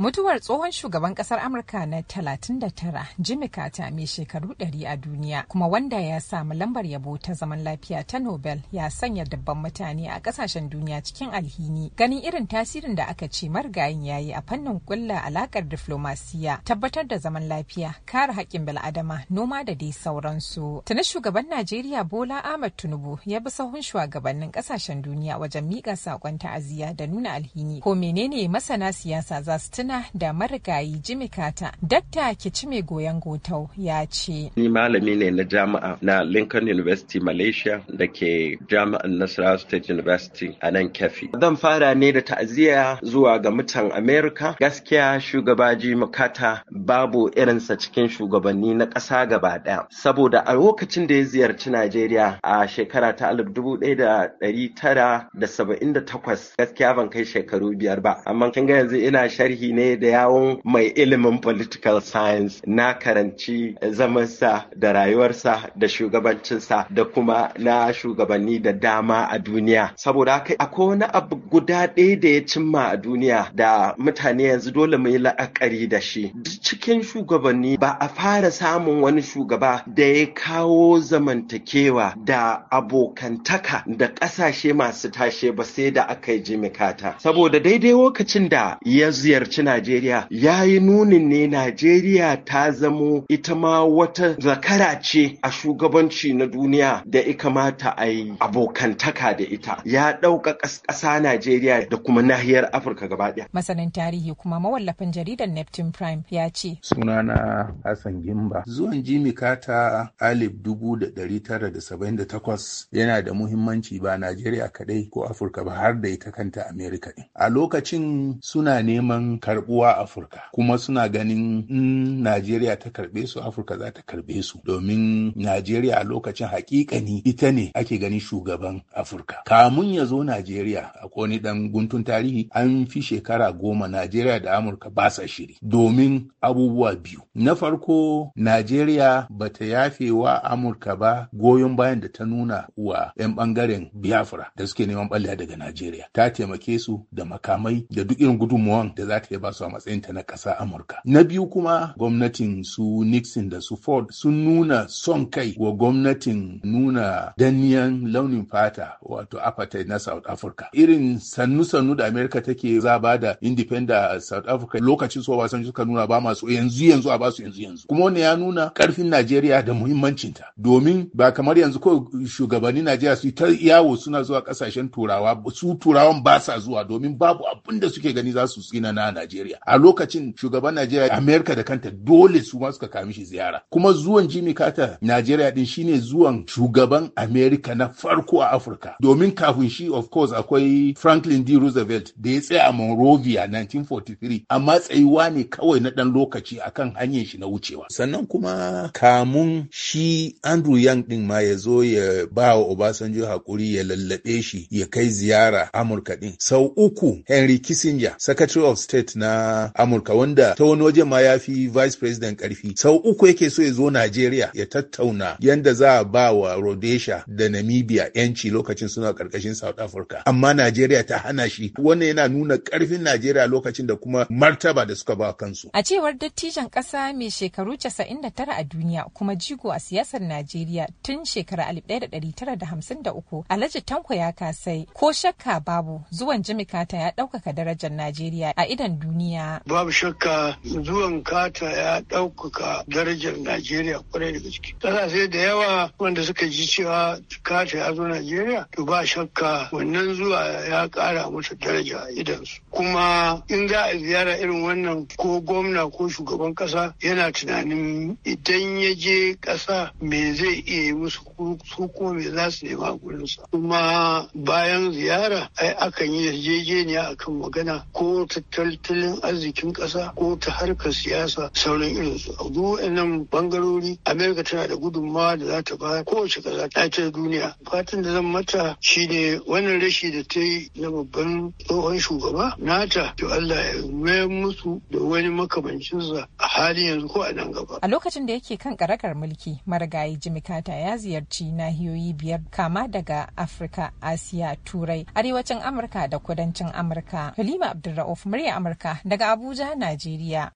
Mutuwar tsohon shugaban kasar Amurka na 39 Jimmy Carter mai shekaru 100 a duniya kuma wanda ya samu lambar yabo ta zaman lafiya ta Nobel ya sanya dabban mutane a kasashen duniya cikin alhini ganin irin tasirin da aka ce marigayin yayi a fannin kulla alakar diflomasiya tabbatar da zaman lafiya kare haƙƙin bil'adama noma da dai sauransu. Tuni shugaban Najeriya Bola Ahmed Tinubu ya bi sahun shugabannin kasashen duniya wajen miƙa saƙon ta'aziya da nuna alhini ko menene masana siyasa za su magana da marigayi jimikata Carter. Dakta Kicime Goyon Gotau ya ce. Ni malami ne na jami'a na Lincoln University Malaysia da ke jami'an Nasarawa State University a nan Kefi. Zan fara ne da ta'aziyya zuwa ga mutan Amerika. Gaskiya shugaba Jimmy babu irinsa cikin shugabanni na ƙasa gaba ɗaya. Saboda a lokacin da ya ziyarci Najeriya a shekara ta da da takwas, gaskiya ban kai shekaru biyar ba. Amma kin ga yanzu ina sharhi ne ne da yawon mai ilimin political science na karanci zamansa da rayuwarsa da shugabancinsa da kuma na shugabanni da dama a duniya saboda haka akwai wani abu guda ɗaya da ya cimma a duniya da mutane yanzu dole mu yi la'akari da shi cikin shugabanni ba a fara samun wani shugaba da ya kawo zamantakewa da abokantaka da ƙasashe masu tashe ba sai da aka yi jimikata saboda daidai lokacin da ya ziyarci najeriya ya yi nunin ne najeriya ta zamo ita ma wata zakara ce a shugabanci na duniya da ya kamata a yi abokantaka da ita ya ɗauka ƙasa najeriya da kuma nahiyar afirka gaba ɗaya masanin tarihi kuma mawallafin jaridar neptune prime ya ce ce. Sunana Hassan Gimba. Zuwan Jimmy Carter alif dubu da da saba'in da takwas yana da muhimmanci ba Najeriya kaɗai ko Afirka ba har da ita kanta Amerika ɗin. A lokacin suna neman karɓuwa Afirka kuma suna ganin in Najeriya ta karɓe su Afirka za ta karɓe su domin Najeriya a lokacin hakikani ita ne ake ganin shugaban Afirka. Kamun ya zo Najeriya a wani ɗan guntun tarihi an fi shekara goma Najeriya da Amurka ba sa shiri domin a. abubuwa biyu. Na farko, Najeriya ba ta yafe wa Amurka ba goyon bayan da ta nuna wa 'yan bangaren Biafra da suke neman ɓalla daga Najeriya. Ta taimake su da makamai da duk irin gudunmuwan da za ta ba su a matsayin ta na ƙasa Amurka. Na biyu kuma gwamnatin su Nixon da su Ford sun nuna son kai wa gwamnatin nuna danniyan launin fata wato apartheid na South Africa. Irin sannu-sannu da Amerika take zaba da independent South Africa lokacin su suka nuna ba masu su yanzu yanzu a basu yanzu yanzu kuma wannan ya nuna karfin Najeriya da muhimmancinta domin ba kamar yanzu ko shugabannin Najeriya su ta yawo suna zuwa kasashen turawa su turawan ba sa zuwa domin babu abin da suke gani za su tsina na Najeriya a lokacin shugaban Najeriya Amerika da kanta dole su ma suka kami shi ziyara kuma zuwan Jimmy Carter Najeriya din shine zuwan shugaban Amerika na farko a Afirka domin kafin shi of course akwai Franklin D Roosevelt da ya tsaya a Monrovia 1943 amma tsayuwa ne kawai na dan lokaci lokaci a kan hanyar shi na wucewa sannan kuma kamun shi Andrew Yang ɗin ma ya zo ya ba wa Obasanjo hakuri ya lallabe shi ya kai ziyara Amurka din sau uku Henry Kissinger Secretary of State na Amurka wanda ta wani waje ma ya fi Vice President karfi sau uku yake so ya zo Najeriya ya tattauna yanda za a ba wa Rhodesia da Namibia yanci lokacin suna ƙarƙashin South Africa amma Najeriya ta hana shi wannan yana nuna karfin Najeriya lokacin da kuma martaba da suka ba kansu a cewar dattijan ƙasa mai shekaru 99 a duniya kuma jigo a siyasar Najeriya tun shekarar 1953 Alhaji Tanko ya kasai ko shakka babu zuwan Jimmy Carter ya ɗaukaka darajar Najeriya a idan duniya. Babu shakka zuwan Kata ya ɗaukaka darajar Najeriya kwarai da gaske. sai da yawa wanda suka ji cewa Kata ya zo Najeriya to ba shakka wannan zuwa ya ƙara masa daraja su. Kuma in za a ziyara irin wannan ko gwamna ko ko shugaban kasa yana tunanin idan ya je kasa me zai iya yi musu su kuma me za su nema gurinsa kuma bayan ziyara ai akan yi yarjejeniya akan magana ko ta tattalin arzikin kasa ko ta harkar siyasa sauran irin su a duwannan bangarori amerika tana da gudunmawa da za ta ba kowace kasa ta ce duniya fatan da zan mata shine wannan rashi da ta yi na babban tsohon shugaba nata to allah ya mayar musu da wani makamanci a halin yanzu ko a nan gaba. A lokacin da yake kan karakar mulki, marigayi Jimikata ya ziyarci nahiyoyi biyar kama daga Afirka, Asiya, Turai, Arewacin Amurka da Kudancin Amurka. Halima Abdulra'uf, murya Amurka daga Abuja, Najeriya.